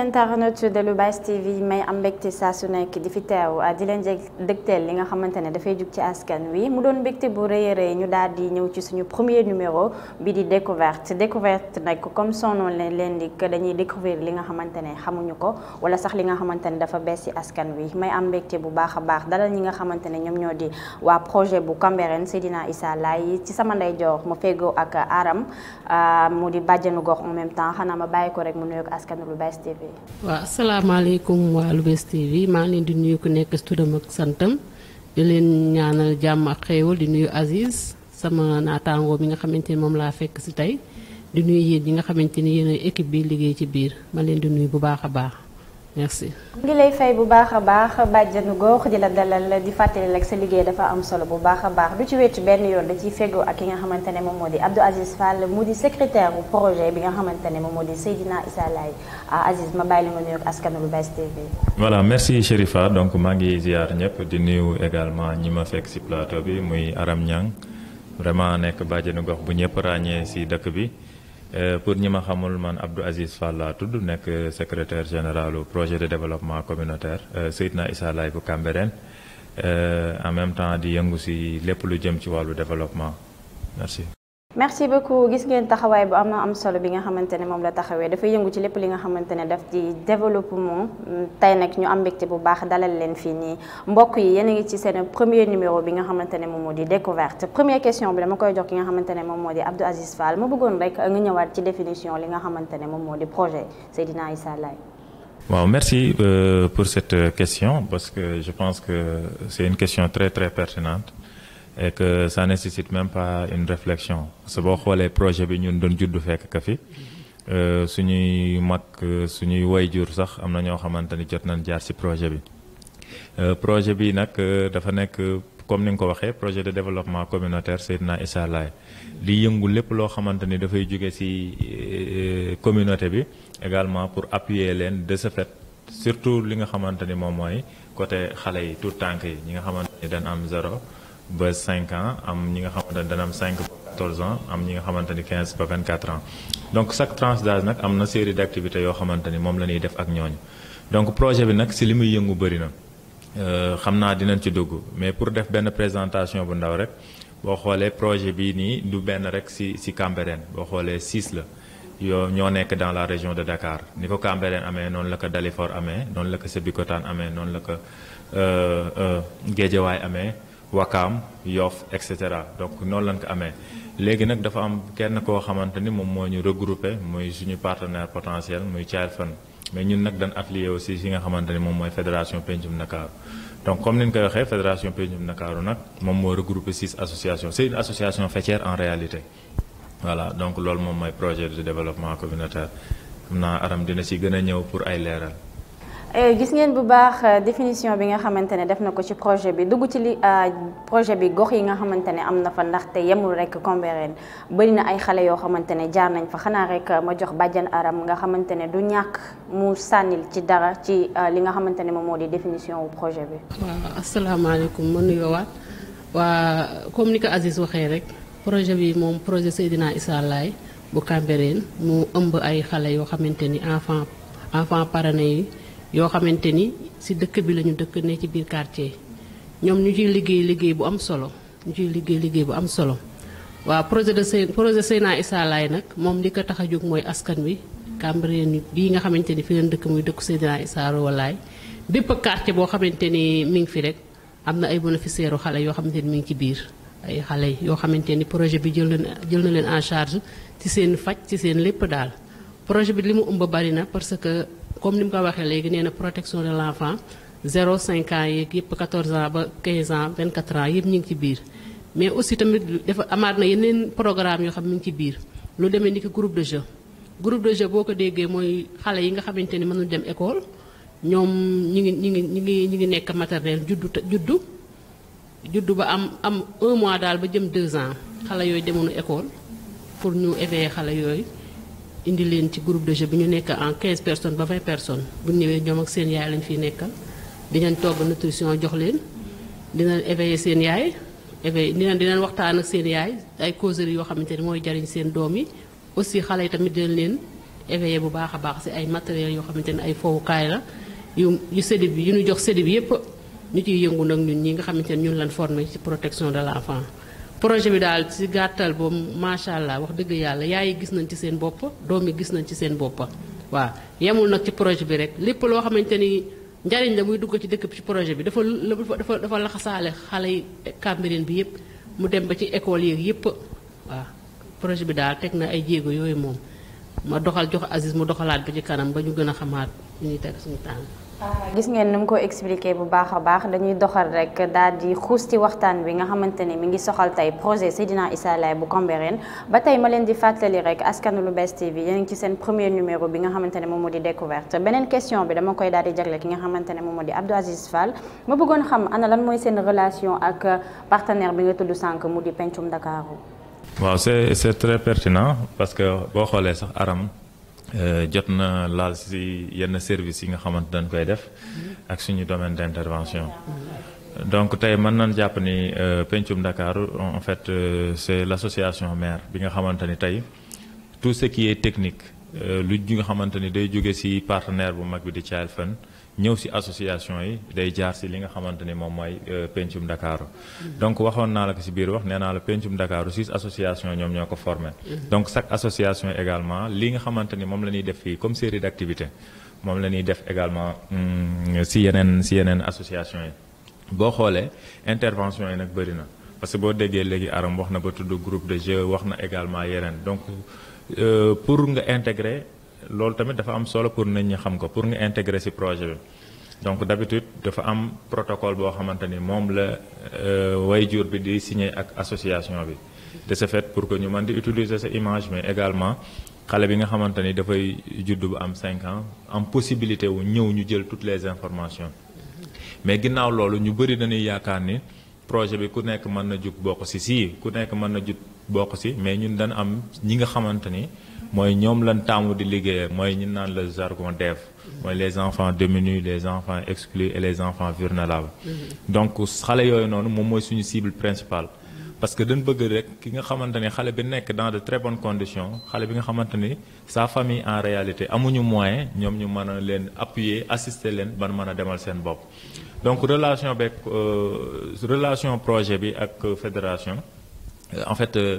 internet de Lou'Bess TV may am mbégte saa su nekk di fi teew ah, di leen jeg dëgteel li nga xamante ne dafay jug ci askan wi mu doon mbégte bu rëy rëy ñu daal di ñëw ci suñu premier numéro bi di découvert découverte nag comme son nom leen di dañuy découvrir li nga xamante ne xamuñu ko wala sax li nga xamante ne dafa bees ci askan wi may am mbégte bu baax a baax dalal ñi nga xamante ne ñoom ñoo di waa projet bu Cambérène Seydina Issa yi ci sam ndeyjoor mu feggoo ak Aram ah, mu di bàjjenu gox en même xanaa ma bàyyi ko rek mu nuyoog askanu Lou'Bess TV waaw asalaamaaleykum waa Lou'Bess TV maa ngi leen di nuyu ku nekk ci turam ak santam di leen ñaanal jàmm ak xéewal di nuyu Aziz sama naataangoo bi nga xamante ni moom laa fekk si tey di nuy yéen ñi nga xamante ni yéen équipe bi liggéey ci biir ma leen di nuyu bu baax a baax. merci. ngi lay fay bu baax a baax bàjjanu gox di la dalal di fàttali rek sa liggéey dafa am solo bu baax a baax du ci wéccu benn yoon da ciy feggoo ak ki nga xamante ne moom moo di Abdou Aziz Fall mu di secrétaire bu projet bi nga xamante ne moom moo di Seydina Issa Laye ah, Aziz ma bàyyi la nga nuyoog askanu Lou'Bess TV. voilà merci Chérifa donc maa ngi ziar ñëpp di nuyu également ñi ma fekk si plateau bi muy Aram Niang vraiment nekk bàjjanu gox bu ñëpp ràññee si dëkk bi. Euh, pour ñi ma xamul man Abdou Aziz Fall tudd nekk secrétaire général projet de développement communautaire euh, Seydina Issa Laye bu Cambérène euh, en même temps di yëngu si lépp lu jëm ci wàllu développement merci. merci beaucoup gis ngeen taxawaay bu am am solo bi nga xamante ne moom la taxawee dafa yëngu ci lépp li nga xamante ne daf di développement tey nag ñu am mbégte bu baax dalal leen fii nii mbokk yi yéen a ngi ci seen premier numéro bi nga xamante ne moom moo di découverte première question bi dama koy jox ki nga xamante ne moom moo di Abdou Aziz Fall ma bëggoon rek nga ñëwaat ci définition li nga xamante ne moom moo di projet Seydina Issa Laye. waaw merci euh, pour cette euh, question parce je pense que c'est une question très très pertinente. et que ça nécessite même pas une réflexion parce boo xoolee projet bi ñun doon juddu fekk ka fi euh, suñuy mag suñuy jur sax am na ñoo xamante ni jot nañ jaar ci projet bi euh, projet bi nag euh, dafa nekk comme ni nga ko waxee projet de développement communautaire Seydina Issa Laye di yëngu lépp loo xamante ni dafay jóge ci communauté bi également pour appuyer leen de ce surtout li nga xamante ni moom mooy côté xale yi tout tànk yi ñi nga xamante ni dañ am zéro ba 5 ans am ñi nga xamante ne dana am 5 ba 14 ans am ñi nga xamante ni 15 ba 24 ans donc chaque tranche d'âge nag am na série activité yoo xamante ni moom la ñuy def ak ñooñu donc projet bi nag si li muy yëngu bëri na euh, xam naa dinañ ci dugg mais pour def benn présentation bu ndaw rek boo xoolee projet bii nii du benn rek si si Cambérène boo xoolee 6 la yoo ñoo nekk dans la région de Dakar ni ko Cambérène amee noonu la ko Dalifort amee noonu la ko Sébikotane amee noonu la ko euh, euh, Guédiawaye amee Wakaam Yoff et cetera donc noonu lañ ko amee léegi nag dafa am kenn koo xamante ni moom moo ñu regroupé muy suñu partenaire potentiel muy Child Fund mais ñun nag dañ affilié aussi si nga xamante ni moom mooy fédération Pencum Ndakaaru donc comme ni ñu koy waxee fédération Pencum Ndakaaru nag moom moo regroupé six associations si association faîtière en réalité voilà donc loolu moom mooy projet de développement communautaire xam naa aram dina si gën a ñëw pour ay leeral Eh, gis ngeen bu baax euh, définition bi nga xamante ne def na ko ci projet bi dugg ci li euh, projet bi gox yi nga xamante ne am na fa ndaxte yemul rek Cambérène bëri na ay xale yoo xamante ne jaar nañ fa xanaa rek euh, ma jox bàjjan aram nga xamante ne du ñàkk mu sànnil ci dara ci li nga xamante ne moom moo di définition wu projet bi. waaw asalaamaaleykum ma nuyoowaat waa comme ni ko Aziz waxee rek projet bi moom projet Seydina Issa Laye bu Cambérène mu ëmb ay xale yoo xamante ni enfant enfant parrainés yoo xamante ni si dëkk bi lañu dëkk ne ci biir quartier ñoom ñu ciy liggéey liggéey bu am solo ñu ciy liggéey liggéey bu am solo waaw projet de Sey projet Seyna Issa Laye nag moom li ko tax a jóg mooy askan wi ni bii nga xamante ni fi leen dëkk muy dëkku Seyna Issa Laye bépp quartier boo xamante ni mi ngi fi rek am na ay bénéficiaires xale yoo xamante ni mi ngi ci biir ay xale yoo xamante ni projet bi jël na jël na leen en charge ci seen faj ci seen lépp daal comme ni mu ko waxee léegi nee na protection de l' enfant 0 5 ans yëpp 14 ans ba 15 ans 24 ans yëpp ñu ngi ci biir. mais aussi tamit amaat na yeneen programme yoo xam mi ngi ci biir lu demee ni ki groupe de jeu groupe de jeu boo ko déggee mooy xale yi nga xamante ni mënul dem école ñoom ñi ngi ñi ngi ñi ngi ngi nekk maternelle juddu juddu juddu ba am am un mois daal ba jëm deux ans xale yooyu demoonu école pour ñu éveiller xale yooyu indi leen ci groupe de jeu bi ñu nekk en 15 personnes ba 20 personnes bu ñëwee ñoom ak seen yaay lañ fiy nekkal dinañ togg nutrition jox leen dinañ éveiller seen yaay éveiller dinañ dinañ waxtaan ak seen yaay ay causeries yoo xamante ni mooy jariñ seen doom yi aussi xale yi tamit dinañ leen éveiller bu baax a baax si ay matériels yoo xamante ne ay fowukaay la yu yu séddi bi yu ñu jox séddi bi yépp ñu ciy yëngu nag ñun ñi nga xamante ne ñun lañ formé ci protection de l'enfant projet bi daal ci gàttal boobu macha allah wax dëgg yàlla yaay yi gis nañ ci seen bopp doom yi gis nañ ci seen boppa waaw yemul nag ci projet bi rek lépp loo xamante ni njariñ la muy dugg ci dëkk bi ci projet bi dafa dafa dafa laxasaale xale yi Cambérène bi yëpp mu dem ba ci école yeeg yëpp waaw projet bi daal teg na ay jéego yooyu moom ma doxal jox Aziz mu doxalaat ba ci kanam ba ñu gën a xamaat ñu ñuy teg suñu tànk gis ngeen ni mu ko expliqué bu baax a baax dañuy doxal rek daal di xuus ci waxtaan bi nga xamante ne mi ngi soxal tey projet Seydina Issa Laye bu Cambérène ba tey ma leen di fàttali rek askanu Lou'Bess TV yéen ci seen premier numéro bi nga xamante ne moom moo di découverte beneen question bi dama koy daal di jagle ki nga xamante ne moom moo di Abdou Aziz Fall ma bëggoon xam ana lan mooy seen relation ak partenaire bi nga tudd sànq mu di Pencum Ndakaaru waaw c'est c'est parce que boo xoolee sax Aram Euh, jot na laal si yenn service yi nga xamante dañ koy def ak suñu domaine d' intervention donc tey mën nañ jàpp ni euh, pencum Ndakaaru en fait euh, c' est l' association maire bi nga xamante ni tey tout ce qui est technique lu nga xamante ni day jóge si partenaire bu mag bi di Child Fund ñëw si association yi day jaar si li nga xamante ni moom mooy euh, pencum Ndakaaru donc waxoon naa la ko si biir wax nee naa la pencum Ndakaaru si association ñoom ñoo ko formé mm-hmm. donc chaque association également li nga xamante ni moom la ñuy def fii comme série d' activité moom la ñuy def également si mm, yeneen si yeneen association yi boo xoolee intervention yi nag bëri na parce que boo déggee léegi aram wax na ba tudd groupe de jeu wax na également yeneen donc euh, pour nga intégrer loolu tamit dafa am solo pour nañ ñi xam ko pour nga intégrer si projet bi donc d'habitude dafa am protocole boo xamante ni moom la euh, way jur bi di signer ak association bi de ce fait pour que ñu man di utiliser sa image mais également xale bi nga xamante ni dafay judd bu am 5 ans am possibilité wu ñëw ñu jël toutes les informations mais ginnaaw loolu ñu bëri dañuy yaakaar ni projet bi ku nekk mën na jug bokk si si ku nekk mën na jug bokk si mais ñun dañ am ñi nga xamante ni mooy ñoom lan taamu di liggéeyee mooy ñu naan le jargon DEV mooy les enfants démunis les enfants exclus et les enfants vulnérables mm-hmm. donc xale yooyu noonu moom mooy suñu cible principal parce que dañ bëgg rek ki nga xamante ni xale bi nekk dans de très bonnes conditions xale bi nga xamante ni sa famille en réalité amuñu moyen ñoom ñu mën a leen appuyer assister leen ban mën a demal seen bopp donc relation beeg euh, relation projet bi ak fédération euh, en fait euh,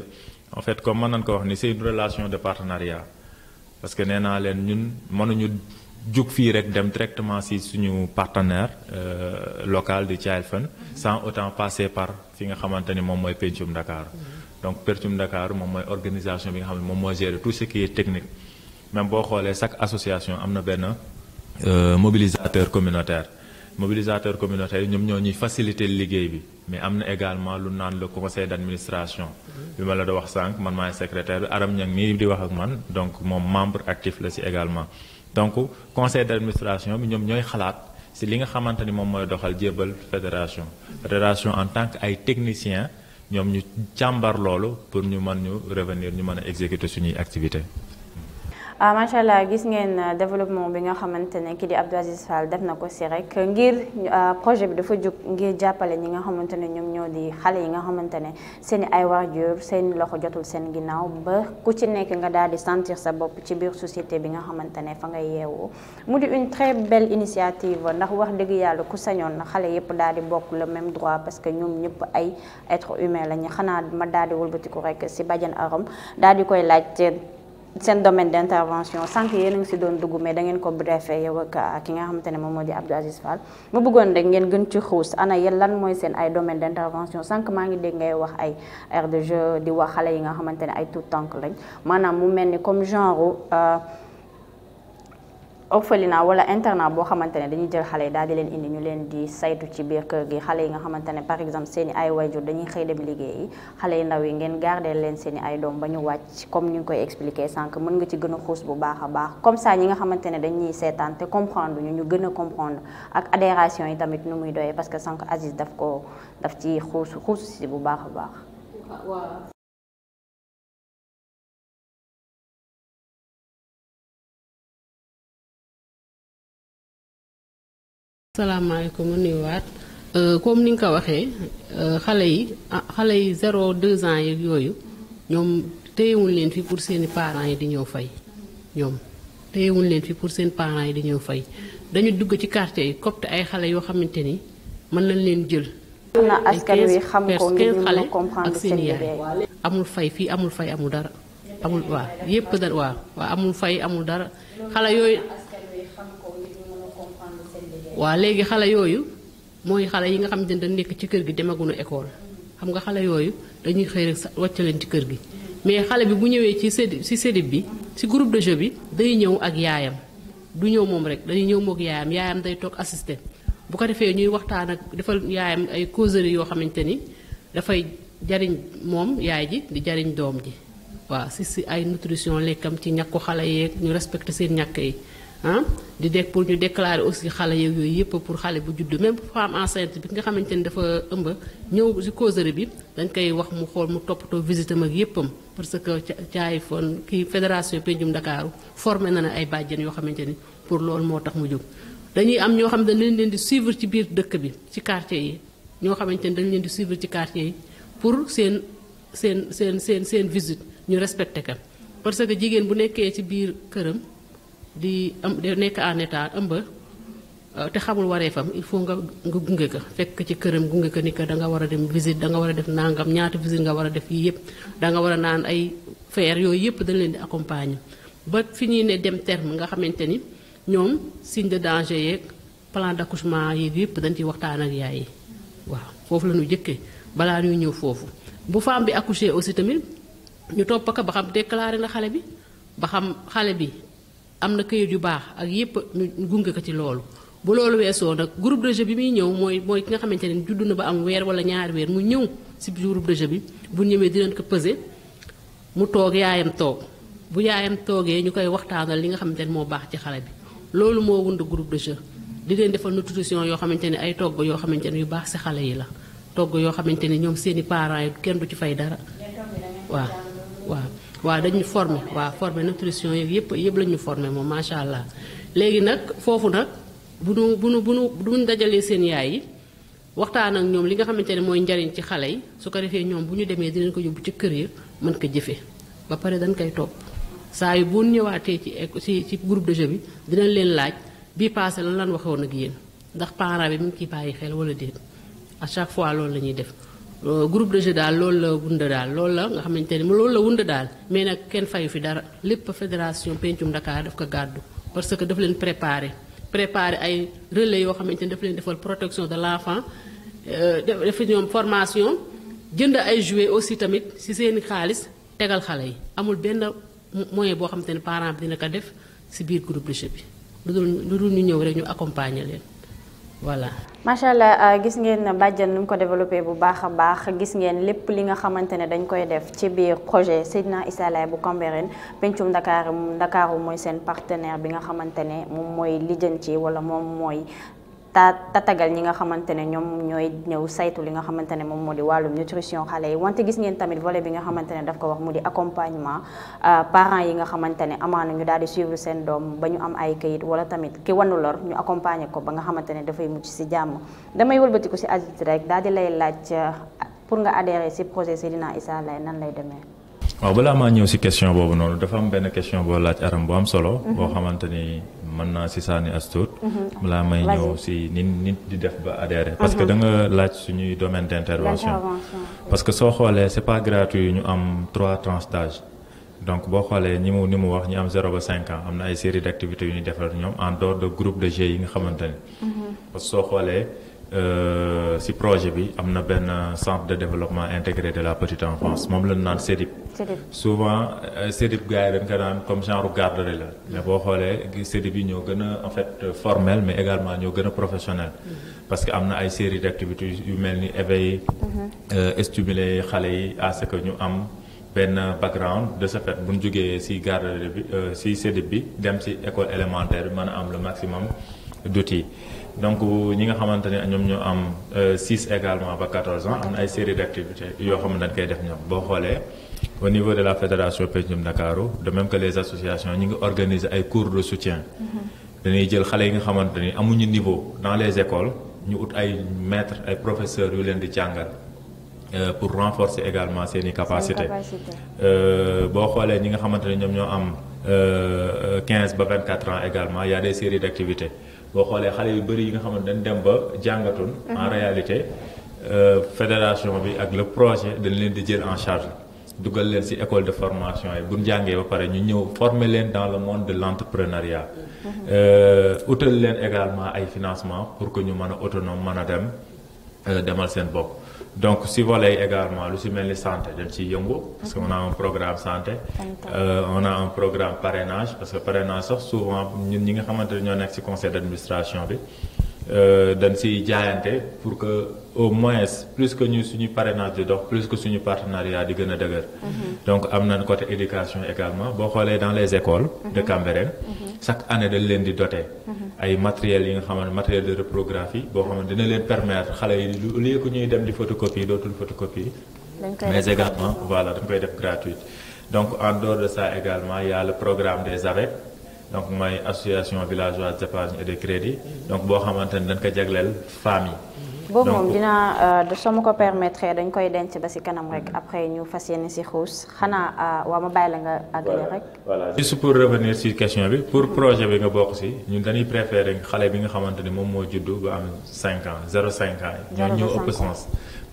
en fait comme mën nañ ko wax ni c'est une relation de partenariat parce que nee naa leen ñun mënuñu jug fii rek dem directement si suñu partenaire euh, local de Child Fund sans autant passer par fi nga xamante ni moom mooy Pencum Dakar donc Pencum Dakar moom mooy organisation bi nga xam ne moom mooy gérer tout ce qui technique même boo xoolee chaque association am na benn euh, mobilisateur communautaire mobilisateur communautaire yi ñoom ñoo ñuy facilité liggéey bi mais am na également lu naan le conseil d' administration. bi ma la doon wax sànq man maay secrétaire bi Aram Niang mii di wax ak man donc moom membre actif la si également. donc conseil d' administration bi ñoom ñooy xalaat si li nga xamante ni moom mooy doxal jébal fédération. fédération en tant que ay technicien ñoom ñu càmbar loolu pour ñu mën ñu revenir ñu mën a exécuter suñuy activité ah macha allah gis ngeen euh, développement bi nga xamante ne kii di Abdou Aziz Fall def na ko si rek ngir euh, projet bi dafa jóg ngir jàppale ñi nga xamante ne ñoom ñoo di xale yi nga xamante ne seen ay waajur seeni loxo jotul seen ginnaaw ba ku ci nekk nga daal di sentir sa bopp ci biir société bi nga xamante ne fa nga yeewoo mu di une très belle initiative ndax wax dëgg yàlla ku sañoon na xale yëpp daal di bokk le même droit parce que ñoom ñëpp ay être humain lañu xanaa ma daal di wëlbatiku rek si Badiane Aram daal di koy laaj seen domaine d' intervention sànq yéen a ngi si doon dugg mais da ko brefé yow ak ah, ki nga xamante ne moom moo di Abdou Aziz Fall ma bëggoon rek ngeen gën ci xuus ana yéen mooy seen ay domaine d' intervention sànq maa ngi dégg ngay wax ay aire de jeu di wax xale yi nga xamante ne ay tout tànk lañ maanaam mu mel ni comme genre ah, orphelinat wala internat boo xamante ne dañuy jël xale yi daal di leen indi ñu leen di saytu ci biir kër gi xale yi nga xamante ne par exemple seen i ay wayjur dañuy xëy dem liggéeyi xale yi ndaw yi ngeen garder leen seen ay doom ba ñu wàcc comme ni nga koy expliquer sànq mën nga ci gën a xuus bu baax a baax comme ça ñi nga xamante ne dañuy seetaan te comprendre ñu ñu gën a comprendre ak adhération yi tamit nu muy doyee parce que sànq Aziz daf ko daf ci xuus xuus si bu baax a baax salaamaaleykum ma nuyuwaat euh, comme ni nga ko waxee euh, xale yi ah, xale yi zéro deux ans yeeg yooyu ñoom téyewuñ leen fi pour seeni parents yi di ñëw fay ñoom téyewuñ leen fi pour seen parents yi di ñëw fay dañu dugg ci quartier yi copte ay xale yoo xamante ni mën nañ leen jël. am na askan wi xam ko ngir ñu comprendre seen yaay amul fay fii amul fay amul dara amul waaw yépp da waaw waaw amul fay amul dara xale yooyu. waa léegi xale yooyu mooy xale yi nga xam jënd dañ nekk ci kër gi demaguñu école xam nga xale yooyu dañuy xëy rek wàcc leen ci kër gi mais xale bi bu ñëwee ci sédib si sédib bi si groupe de jeu bi day ñëw ak yaayam du ñëw moom rek dañuy ñëw mook yaayam yaayam day toog assisté bu ko defee ñuy waxtaan ak defal yaayam ay causerie yoo xamante ni dafay jariñ moom yaay ji di jariñ doom ji waaw si si ay nutrition lekkam ci ñàkku xale yeeg ñu respecté seen ñàkk yi ah di dégg pour ñu déclarer aussi xale yeeg yooyu yëpp pour xale bu judd même femme enceinte bi nga xamante ni dafa ëmb ñëw si causerie bi dañ koy wax mu xool mu toppatoo visite am ak yëppam parce que caay fon kii fédération Pencum ndakaaru formé na ne ay bàjjen yoo xamante ni pour lool moo tax mu jóg. dañuy am ñoo xam ne dañ leen leen di suivre ci biir dëkk bi ci quartier yi ñoo xamante ni dañ leen di suivre ci quartier yi pour seen seen seen seen seen visite ñu respecté ka parce que jigéen bu nekkee ci biir këram. di am nekk en état ëmb euh, te xamul wareefam il faut nga nga gunge ka fekk ci këram gunge ko ni que danga war a dem visit da nga war a def nangam ñaata visite nga war a def yii yëpp danga war a naan ay feer yooyu yëpp dañ leen di accompagner ba fi ñuy ne dem terme nga xamante ni ñoom signe de danger yeeg plan d'accouchement yeeg yëpp dañ ciy waxtaan ak yaay waaw foofu la ñu jëkkee balaa ñuy ñëw foofu. bu femme bi accouché aussi tamit ñu topp ko ba xam déclaré na xale bi ba xale bi. am na këyit yu baax ak yépp ñu gunge ko ci loolu bu loolu weesoo nag groupe de jeu bi muy ñëw mooy mooy ki nga xamante ne judd na ba am weer wala ñaari weer mu ñëw si groupe de jeu bi bu ñëwee dinañ ko peser mu toog yaayam toog bu yaayam toogee ñu koy waxtaanal li nga xamante ne moo baax ci xale bi loolu moo wund groupe de jeu di leen defal nutrition yoo xamante ne ay togg yoo xamante ne yu baax si xale yi la toog yoo xamante ne ñoom seeni parents yi kenn du ci fay dara waaw waaw dañu formé waaw formé nutrition yeeg yëpp yëpp la ñu formé moom macha allah léegi nag foofu nag bu nu bu nu bu nu du nu dajalee seen yaay yi waxtaan ak ñoom li nga xamante ne mooy njariñ ci xale yi su ko defee ñoom bu ñu demee dinañ ko yóbbu ci kër yi mën ko jëfee ba pare dañ koy topp saa yu bu ñëwaatee ci ci ci groupe de jeu bi dinañ leen laaj bii passé lan lan waxoon ak yéen ndax parent bi mu ngi ciy bàyyi xel wala déet à chaque fois loolu la ñuy def. Euh, groupe de jeu daal loolu la wunda daal loolu la nga xamante ne loolu la wunda daal mais na kenn fayu fi dara lépp fédération pencum Dakar daf ko gàddu parce que dafa leen préparé préparé ay relais yoo xamante ne dafa leen defal protection de l' enfant euh, def ñoom formation jënd ay jouets aussi tamit si seen i xaalis tegal xale yi amul benn moyen boo xamante ne parent bi dina ko def si biir groupe de jeu bi lu dul lu dul ñu ñëw rek ñu accompagner leen. voilà. macha allah euh, gis ngeen bàjjan nu mu ko développé bu baax a baax gis ngeen lépp li nga xamante ne dañ koy def ci biir projet Seydina Issa bu Cambérène pencum Ndakaaru Ndakaaru mooy seen partenaire bi nga xamante ne moom mooy lijjan ci wala moom mooy ta tatagal ñi nga xamante ne ñoom ñooy ñëw saytu li nga xamante ne moom moo di wàllu nutrition xale yi wante gis ngeen tamit volet bi nga xamante ne daf ko wax mu di accompagnement euh, parents yi nga xamante ne amaana ñu daal di suivre seen doom ba ñu am ay kayit wala tamit ki wanu lor ñu ko ba nga xamante ne dafay mujj si jàmm damay wëlbatiku ci Aziz rek daal di lay laaj euh, pour nga adhérer si projet Seydina Issa Laye nan lay demee. waaw balaa maa ñëw si question boobu noonu dafa am benn question boo laaj aram bu am solo. boo mhm. xamante mën naa si saani astuut mhm. balaa may ñëw si ni nit di def ba adhéré mhm. parce que da nga laaj suñuy domaine d' intervention parce que soo xoolee c' est pas gratuit ñu am trois tranches d' donc boo xoolee ñi mu ni mu wax ñi am zéro ba cinq ans am na ay série d' activités yu ñuy defar ñoom en dehors de groupe de jeu yi nga xamante ni mhm. parce que soo xoolee euh, si projet bi am na benn centre de développement intégré de la petite enfance moom lañ naan CEDIP souvent CEDIP euh, gars yi dañ daan comme genre garderie la mais boo xoolee CEDIP yi ñoo gën a en fait euh, formel mais également ñoo gën a professionnel mm-hmm. parce que am na ay série d' yu mel ni éveil mm-hmm. euh, stimuler xale yi à ce que ñu am benn background de ce fait bu ñu jógee ci garderie bi ci CEDIP bi dem ci école élémentaire bi mën a am le maximum d'outils donc ñi nga xamante ne ñoom ñoo am 6 également ba 14 ans am na ay série d' activités yoo xam ne dañ koy def ñoom boo xoolee au niveau de la fédération Pencum Ndakaaru de même que les associations ñu ngi organiser ay cours de soutien. Mm-hmm. dañuy jël xale yi nga xamante ni amuñu niveau dans les écoles ñu ut ay maîtres ay professeurs yu leen di jàngal. Euh, pour renforcer également seen i capacités euh, boo xoolee ñi nga xamante ne ñoom ñoo am euh, quinze ba 24 ans également y a des séries boo xoolee xale yu bëri yi nga xamante dañ dem ba jàngatun en mm-hmm. réalité fédération bi ak le projet dañ leen di jël en charge dugal leen ci école de formation yi bu ñu jàngee ba pare ñu ñëw forme leen dans le monde de l'entrepreneuriat. Euh, utal leen également ay financement pour que ñu mën a autonome mën a dem euh, demal seen bopp. donc si volet également lu si mel ni santé dem ciy yëngu. parce que on a un programme santé. Euh, on a un programme parrainage parce que parrainage sax souvent ñun ñi nga xamante ne ñoo nekk si conseil d'administration bi. Euh, dañ siy jaayante pour que au moins plus que ñu suñu parrainage di dox plus que suñu partenariat di gën a dëgër. Mm-hmm. donc am nañ côté éducation également boo xoolee dans les écoles. de mm-hmm. Cambérène. Mm-hmm. chaque anne dañ leen di doter. ay matériels yi nga xamante matériel de reprographie boo xamante dina leen permettre xale yi lu au lieu ñuy dem di photocopie dootul photocopie. mais également voilà dañ koy def gratuite donc en dehors de ça également yàlla a le programme des AVEC. donc mooy association villageoise d'épargne et de crédit donc boo xamante ni dañ ko jagleel femmes yi. boobu moom dinaa euh, soo ma ko permettre dañ koy denc ba ci kanam rek après ñu fas yéene ci xuus xanaa euh, waa ma bàyyi la nga àggale rek. voilà juste pour revenir ci question bi pour projet bi nga bokk ci ñun dañuy préférer xale bi nga xamante ni moom moo juddu ba am 5 ans 0,5 ans. ñoo ñëw ëpp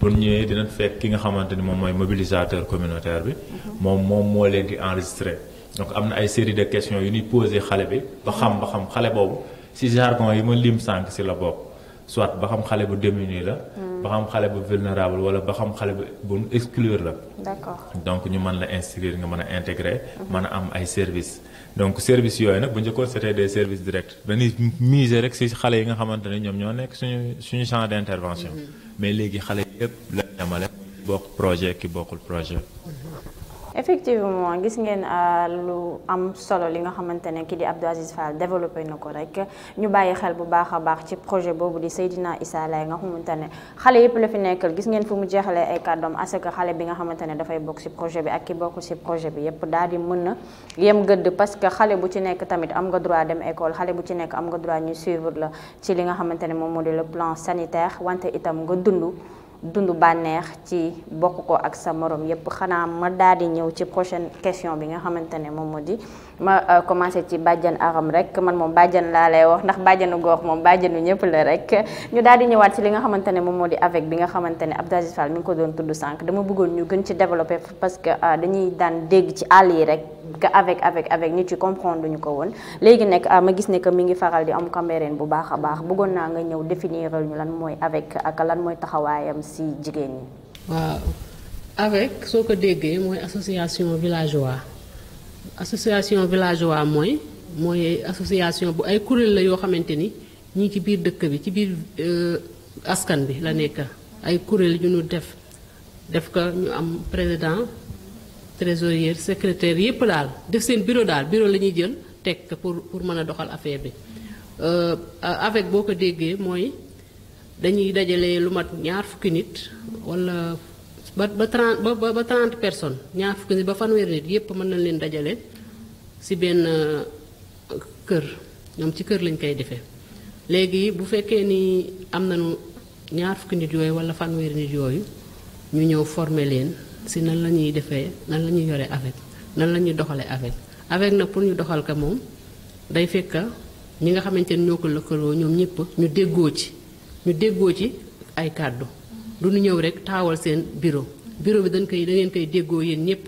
pour ñëwee dina fekk ki nga xamante ni moom mooy mobilisateur communautaire bi. Mhm. moom moom moo leen di enregistrer. donc am na ay série de question yu nuy posé xale bi ba xam ba xam xale boobu si jargon yi ma lim sànq si la bokk soit ba xam xale bu démuni la. Hmm. ba xam xale bu vulnérable wala ba xam xale bu bu exclure la. donc ñu mën la instruire nga mën a intégrer. Hmm. mën a am ay services. donc services yooyu nag bu njëkkoon c'était des services directs dañuy miser rek si xale yi nga xamante ne ñoom ñoo nekk suñu suñu champ d'intervention. Hmm. mais léegi xale yëpp la yemale bokk projet ki bokkul projet. effectivement gis ngeen euh, lu am solo li nga xamante ne ki di Abdou Aziz Fall développé na ko rek ñu bàyyi xel bu baax a baax ci projet boobu di Seydina Issa Laye nga xamante ne xale yëpp la fi nekk gis ngeen fu mu jeexalee ay kàddoom parce que xale bi nga xamante ne dafay bokk ci projet bi ak ki bokk ci projet bi yëpp daal di mën a yem gëdd parce que xale bu ci nekk tamit am nga droit dem école xale bu ci nekk am nga droit ñu suivre la ci li nga xamant ne moom moo di le plan wante itam nga dund dund bànneex ci bokk ko ak sa moroom yépp xanaa ma daal di ñëw ci prochaine question bi nga xamante ne moom moo di ma euh, commencé ci bàjjan aram rek man moom bàjjan laa lay wax ndax bàjjanu gox moom bàjjanu ñëpp la rek ñu daal di ñëwaat ci li nga xamante ne moom moo di avec bi nga xamante ne Abdou Aziz Fall ngi ko doon tudd sànq dama bëggoon ñu gën ci développé parce que euh, dañuy daan dégg ci àll yi rek que avec avec avec nit yi comprendre duñu ko woon léegi nekk ah, ma gis ne que mi ngi faral di am Cambérène bu baax a baax bëggoon naa nga ñëw définir ñu lan mooy avec ak lan mooy taxawaayam si jigéen ñi. waaw avec soo ko déggee mooy association villageois association villageois mooy mooy association bu ay kuréel la yoo xamante ni ñii ci biir dëkk bi ci biir euh, askan bi la nekk ay kuréel yu ñu def def ko ñu am président. trésorier secrétaire yépp daal def seen bureau daal bureau la ñuy jël teg pour pour mën a doxal affaire bi euh, avec boo ko déggee mooy dañuy dajale lu mat ñaar fukki nit wala ba ba trente ba ba trente personnes ñaar fukki nit ba fanweeri nit yépp mën nañ leen dajale ci benn euh, kër ñoom ci kër lañ koy defee léegi bu fekkee ni am nañu ñaar fukki nit yooyu wala fanweeri nit yooyu ñu ñëw former leen. si nan la ñuy defee nan la ñuy yoree avec nan la ñuy doxalee avec avec na pour ñu doxal ko moom day fekk ñi nga xamante ni ñoo ko lëkkaloo ñoom ñëpp ñu déggoo ci ñu déggoo ci ay kàddu mm-hmm. du ñëw rek taawal seen bureau bureau bi dañ koy da ngeen koy déggoo yéen ñëpp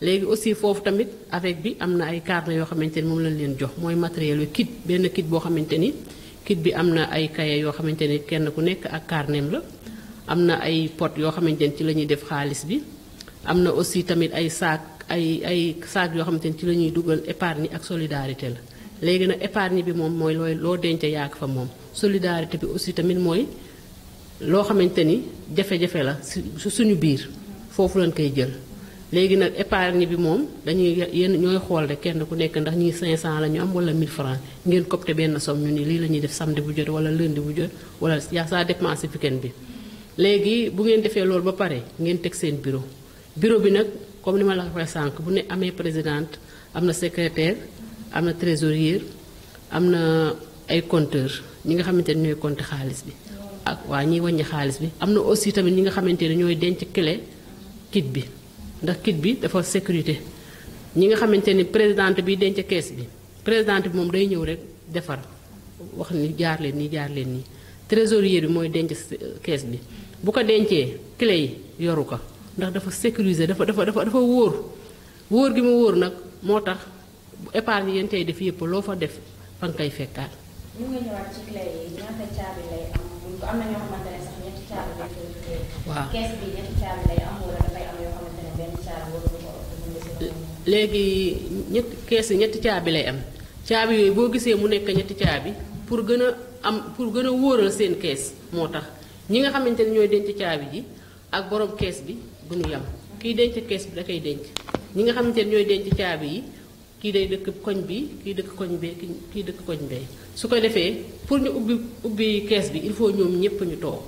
léegi aussi foofu tamit avec bi am na ay carnet yoo xamante ni moom lañ leen jox mooy matériel bi kit benn kit boo xamante ni kit bi am na ay cahier yoo xamante ni kenn ku nekk ak carnet la am na ay pot yoo xamante ne ci la ñuy def xaalis bi am na aussi tamit ay saak ay ay saak yoo xamante ne ci la ñuy dugal épargne ak solidarité la léegi nag épargne bi moom mooy looy loo yaa yaak fa moom solidarité bi aussi tamit mooy loo xamante ni jafe-jafe la su suñu biir foofu lañ koy jël léegi nag épargne bi moom dañuy yéen ñooy xool rek kenn ku nekk ndax ñii 500 la lañu am wala 1000 francs ngeen copte benn somme ñu ni lii la ñuy def samedi bu jot wala lundi bu jot wala yaa saa dépense weekend bi léegi bu ngeen defee loolu ba pare ngeen teg seen bureau bureau bi nag comme ni ma la waxee sànq bu ne amee présidente am na secrétaire am na trésorier am na ay compteur ñi nga xamante ni ñooy compter xaalis bi ak waa ñiy wàññi xaalis bi am na aussi tamit ñi nga xamante ne ñooy denc clé kit bi ndax kit bi dafa sécurité ñi nga xamante ni présidente bi denc kees bi présidente bi moom day ñëw rek defar wax ni jaar leen nii jaar leen nii trésorier bi mooy denc kees bi bu ko dencee clé yi yoru ko ndax dafa sécuriser dafa dafa dafa dafa wóor wóor gi mu wóor nag moo tax épargne yéen tey def yëpp loo fa def fa nga koy fekkaat. waaw léegi ñett kees yi ñetti caabi lay am caabi yooyu boo gisee mu nekk ñetti caabi pour gën a am pour gën a wóoral seen kees moo tax. ñi nga xamante ne ñooy denc caabi ji ak borom kees bi bu ñu yem kii denc kees bi dakay denc ñi nga xamante ne ñooy denc caabi yi kii day dëkk koñ bi kii dëkk koñ bee kii dëkk koñ bee su ko defee pour ñu ubbi ubbi kees bi il faut ñoom ñëpp ñu toog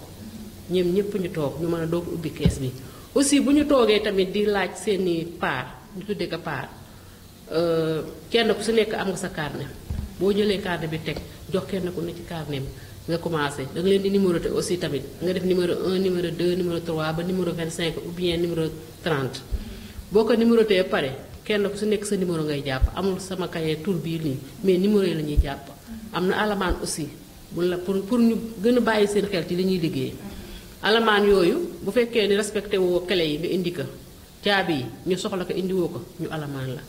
ñoom ñëpp ñu toog ñu mën a doog ubbi kees bi aussi bu ñu toogee tamit di laaj seeni paar ñu tuddee ko paar euh, kenn ku su nekk am nga sa carnet boo jëlee carnet bi teg jox kenn ko ne ci carnet bi nga commencé da leen di numéroter aussi tamit nga def numéro 1 numéro 2 numéro 3 ba vingt cinq ou bien numéro trent boo ko numéroté ba pare kenn ku su nekk sa numéro ngay jàpp amul sama kaye tur bii nii mais numéro yi lañuy jàpp. am na alamaan aussi mun la pour pour ñu gën a bàyyi seen xel ci li ñuy liggéey alamaan yooyu bu fekkee ni respecté woo clé yi nga indi ko caabi yi ñu soxla ko indiwoo ko ñu alamaan la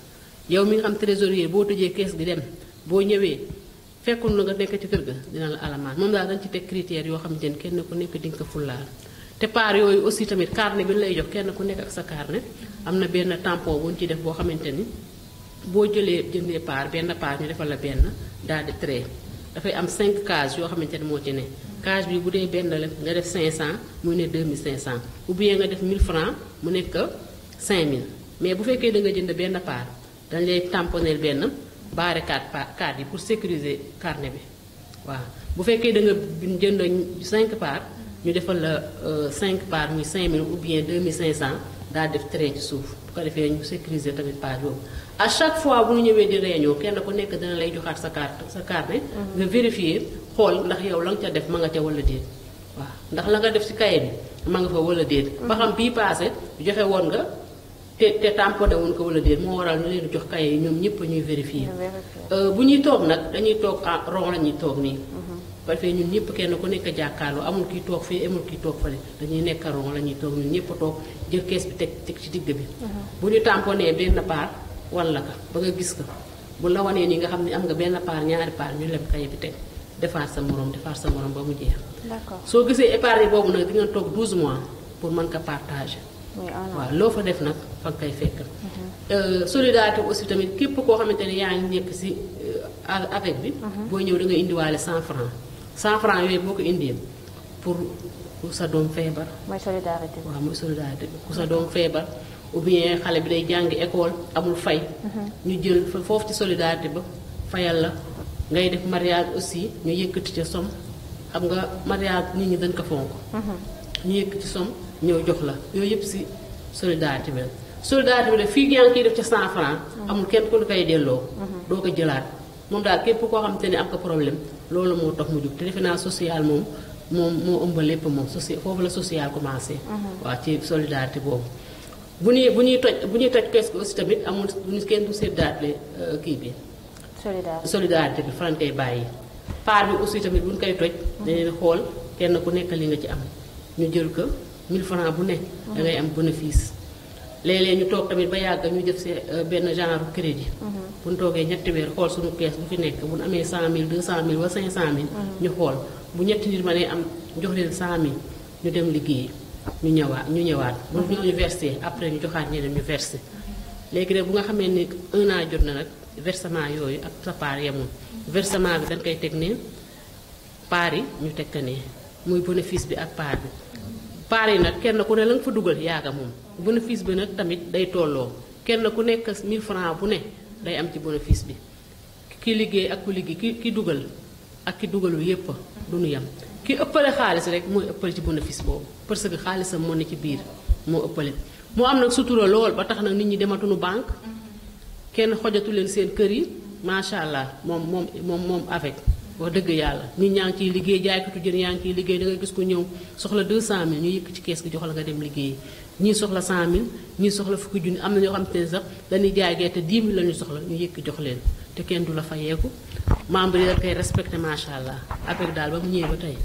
yow mi nga xam trésorier boo tëjee kees gi dem boo ñëwee. fekkoon na nga nekk ci kër ga dina la alamaan moom daal dañ ci teg critères yoo xamante ne kenn ku nekk di nga ko fullaal te paar yooyu aussi tamit carnet bi nu lay jox kenn ku nekk ak sa carnet am na benn tampon bu ñu ci def boo xamante ni boo jëlee jëndee paar benn paar ñu defal la benn daal di trait dafay am 5 cases yoo xamante ni moo ci ne case bii bu dee benn la nga def 500 muy ne 2500 ou bien nga def 1000 francs mu nekk 5000 mais bu fekkee da nga jënd benn paar dañ lay tamponner benn. baare carte pa carte yi pour sécuriser karne bi waaw bu fekkee da nga jënd cinq parts ñu defal la euh, cinq parts muy cinq mille ou bien deux mille cinq cent daal def trait ci suuf bu ko defee ñu sécuriser tamit page boobu a chaque fois bu ñëwee di réunion kenn ku nekk dina lay joxaat sa carte sa carnet mm-hmm. nga vérifier xool ndax yow la nga ca def ma nga ca wala déet waaw ndax la nga def ci cahier bi ma nga fa wala déet ba xam bii passé joxe woon nga te te tamponné woon ko wala déet moo waral ñu leen jox kaye yi ñoom ñëpp ñuy vérifier euh, bu ñuy toog nag dañuy toog en rond la ñuy toog nii parce mhm. que ñun ñëpp kenn ku nekk jàkkaarloo amul kiy toog fii amul kiy toog fële dañuy nekk rond la ñuy toog ñëpp toog jël kees bi teg teg ci digg bi mhm. bu ñu tamponné benn paar wan la ka ba nga gis ko bu la wanee nii nga xam ne am nga benn paar ñaari paar ñu lem kaye bi teg defaat sa morom defaat sa morom ba mu jeex soo gisee épargne boobu nag di toog 12 mois pour mën ko partage Ah waaw loo fa def nag fa nga koy fekk. Euh, solidarité aussi tamit képp koo xamante ni yaa ngi nekk si euh, avec bi. Mhm. boo ñëw da nga indiwaale 100 francs 100 francs yooyu boo ko indee pour ku sa doom feebar. mooy solidarité mooy solidarité bi ku sa doom feebar. ou bien xale bi day jàng école amul fay. Mhm. ñu jël foofu ci solidarité ba fayal la ngay def mariage aussi ñu yëkkati ca som xam nga mariage nit ñi dañ ko fonk. Mhm. ñu yëkk ci som ñëw jox la yooyu yëpp si solidarité bi la solidarité bi la fii yaa ngi koy def ca 100 francs mm-hmm. amul kenn ku koy delloo mm-hmm. doo ko jëlaat moom daal képp koo xam te am ko problème loolu moo tax mu jóg te moom moom moo ëmb lépp moom soci foofu la social commencé mm-hmm. ci solidarité boobu bu ñuy bu ñuy toj bu ñuy toj kees aussi tamit amul buñu kenn du séddaat euh, kii bi solidarité bi fan koy bàyyi part bi aussi tamit bu koy toj xool kenn ku nekk li nga ci am ñu jël ko 1000 francs bu ne. da ngay am bénéfice. léeg ñu toog tamit ba yàgg ñu def seen euh, benn genre crédit. Mhm. bu ñu toogee ñetti weer xool suñu kees bu fi nekk bu ñu amee 100000 200000 wala 500000. ñu xool bu ñetti nit ma am jox leen 100000 ñu dem liggéey ñu ñëwaat ñu ñëwaat. bu ñu mhm. ñu versé ñu joxaat ñeneen ñu versé. léegi nag bu nga xamee ni un an jot na nag versement yooyu ak sa part yemul. versement bi dañ koy teg ne part yi ñu teg ko ne muy bénéfice bi ak part bi. paar yi nag kenn ku ne la fa dugal yaaga moom bénéfice bi nag tamit day tolloo kenn ku nekk mil francs bu ne day am ci bénéfice bi ki liggéey ak ku liggéey ki ki dugal ak ki dugalul yépp du ñu yem ki ëppale xaalis rek mooy ëppale ci bénéfice boobu parce que xaalisam moom ne ci biir moo ëppale moo am nag sutura lool ba tax nag nit ñi dematuñu banque kenn xojatu leen seen kër yi macha allah moom moom moom moom avec wax dëgg yàlla nit ñaa ngi ciy liggéey jaaykatu jën yaa ngi ciy liggéey da gis ko ñëw soxla 200000 ñu yëkk ci kees gi jox la nga dem liggéey ñii soxla 100000 ñii soxla fukki junni am na ñoo xam te ne sax dañuy jaay gerte 10000 la ñu soxla ñu yëkk jox leen te kenn du la fayeeku membre yi dañ koy respecté macha allah affaire daal ba mu ñëwee ba tey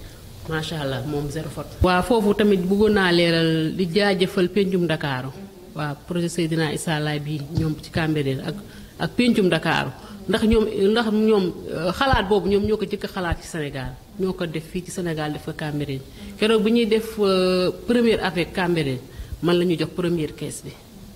macha allah moom zéro faute. waa foofu tamit buggoon naa leeral di jaajëfal pencum ndakaaru waaw projet Seydina Issa Laye bi ñoom ci Cambérène ak ak pencum Dakar. ndax ñoom ndax ñoom euh, xalaat boobu ñoom ñoo ko jëkk xalaat ci Sénégal ñoo ko def fii ci Sénégal def ko Cambérène keroog bi ñuy def euh, premier avec Cambérène man la ñu jox première caisse bi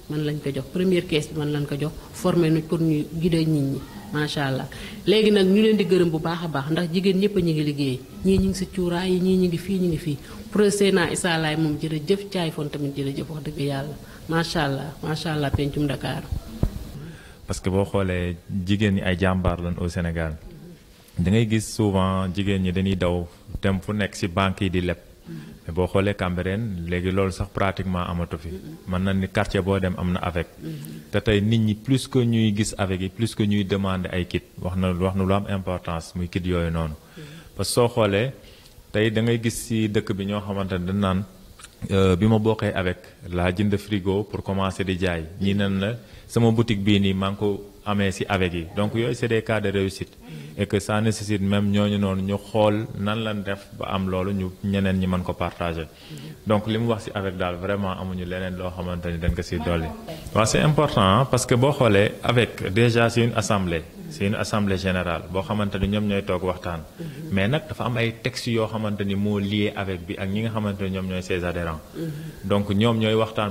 man lañ ko jox première caisse bi lañ ko jox formé nu pour ñu guider nit ñi macha allah léegi nag ñu leen di gërëm bu baax a baax ndax jigéen ñëpp ñu ngi liggéey ñii ñu ngi si cuuraay yi ñii ñu ngi fii ñu ngi fii procès naa Issa moom moom jëf caay foon tamit jërëjëf wax dëgg yàlla macha allah macha allah pencum Dakar parce que boo xoolee jigéen ñi ay jàmbaar lañ au Sénégal da ngay gis souvent jigéen ñi dañuy daw dem fu nekk ci banque yi di leb boo xoolee Cambérène léegi loolu sax pratiquement amatu fi mën na ni quartier boo dem am na avec te tey nit ñi plus que ñuy gis avec yi plus que ñuy demander ay kit wax na wax na lu am importance muy kit yooyu noonu parce soo xoolee tey da ngay gis ci dëkk bi ñoo xamante ne dañ naan euh, bi ma bokkee avec laa jënd frigo pour commencer di jaay ñi nan la sama boutique bii nii maa ngi ko amee si avec yi donc yooyu c'est des cas de réussite mm-hmm. et que ça nécessite même noonu ñu xool nan lan def ba am loolu ñu ñeneen ñi man ko partage mm-hmm. donc li mu wax si avec daal vraiment amuñu leneen loo xamante ni dañ ko si dolli. waaw c'est important parce que boo xoolee avec déjà c'est une assemblée. Mm-hmm. c'est une assemblée générale boo xamante ni ñoom ñooy toog waxtaan. mais nag dafa am ay textes yoo xamante ni moo lié avec bi ak ñi nga xamante ni ñoom ñooy ses adhérents. donc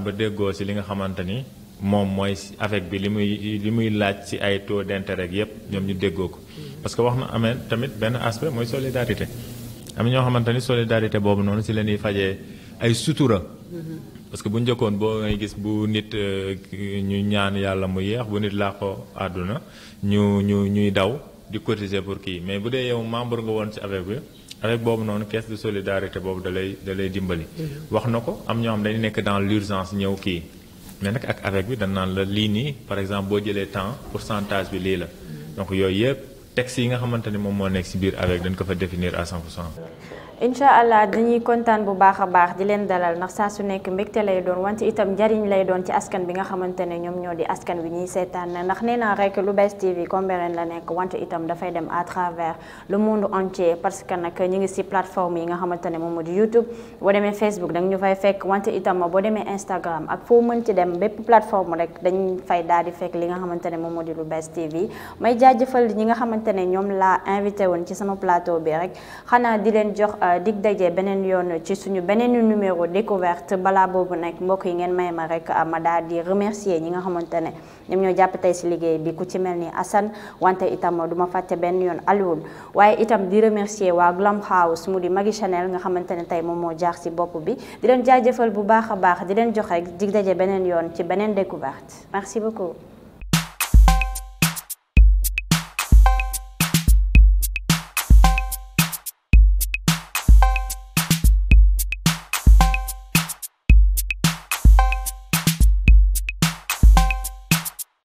ba déggoo si li nga xamante ni. moom mooy avec bi li muy li muy laaj ci ay taux d'intérêt yépp ñoom ñu déggoo ko parce que wax na amee tamit benn aspect mooy solidarité am ñoo xamante ni solidarité boobu noonu ci leen ñuy fajee ay sutura parce que bu njëkkoon boo gis bu nit euh, ñu ñaan yàlla mu yéex bu nit làqoo àdduna ñu ñu ñuy daw di cotiser pour kii mais bu dee yow membre nga woon ci avec bi avec boobu noonu kees de solidarité boobu da lay da lay dimbali mm-hmm. wax na ko am ñoo xam dañu nekk dans l'urgence ñëw kii mais nag ak avec bi dañ naan la lii nii par exemple boo jëlee temps pourcentage bi lii la mm. donc yooyu yëpp texte yi nga xamante ni moom moo nekk ci biir avec dañ ko fa définir à 100 pour cent incha allah dañuy kontaan bu baax a leen dalal ndax saa su nekk mbégte lay doon wante itam njariñ lay doon ci askan bi nga xamante ne ñoom ñoo di askan bi ñuy seetaan ndax nee naa rek Lou'Bess TV Cambérène la nekk wante itam dafay dem travers le monde entier parce que nag ñu ngi si plateforme yi nga xamante ne moom moo di YouTube boo demee Facebook da ñu fay fekk wante itam boo demee Instagram ak foo mën ci dem bépp plateforme rek dañ fay daal di fekk li nga xamante ne moom moo di lu Lou'Bess TV may jaajëfal ñi nga xamante ne ñoom laa invité woon ci sama plateau bi rek xanaa di leen jox Euh, dig daje beneen yoon ci suñu beneen numéro découverte balaa boobu nag mbokk yi ngeen may ma rek euh, ma daal di remercier ñi nga xamante ne ñoom ñoo jàpp tey si liggéey bi ku ci mel ni Assane wante itam du ma fàtte benn yoon Alioune waaye itam di remercier waa Glam House mu di Magui Chanel nga xamante ne tey moom moo jaar si bopp bi di leen jaajëfal bu baax a baax di leen jox rek dig beneen yoon ci beneen découverte merci beaucoup